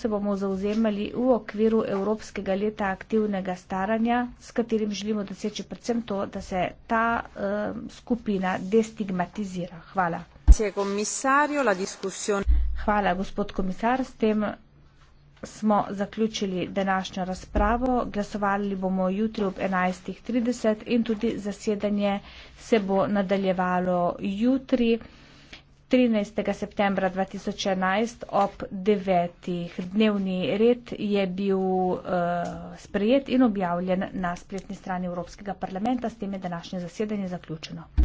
se bomo zauzemali v okviru Evropskega leta aktivnega staranja, s katerim želimo doseči predvsem to, da se ta uh, skupina destigmatizira. Hvala. Hvala, gospod komisar. S tem smo zaključili današnjo razpravo. Glasovali bomo jutri ob 11.30 in tudi zasedanje se bo nadaljevalo jutri. 13. septembra 2011 ob 9. dnevni red je bil uh, sprejet in objavljen na spletni strani Evropskega parlamenta, s tem je današnje zasedanje zaključeno.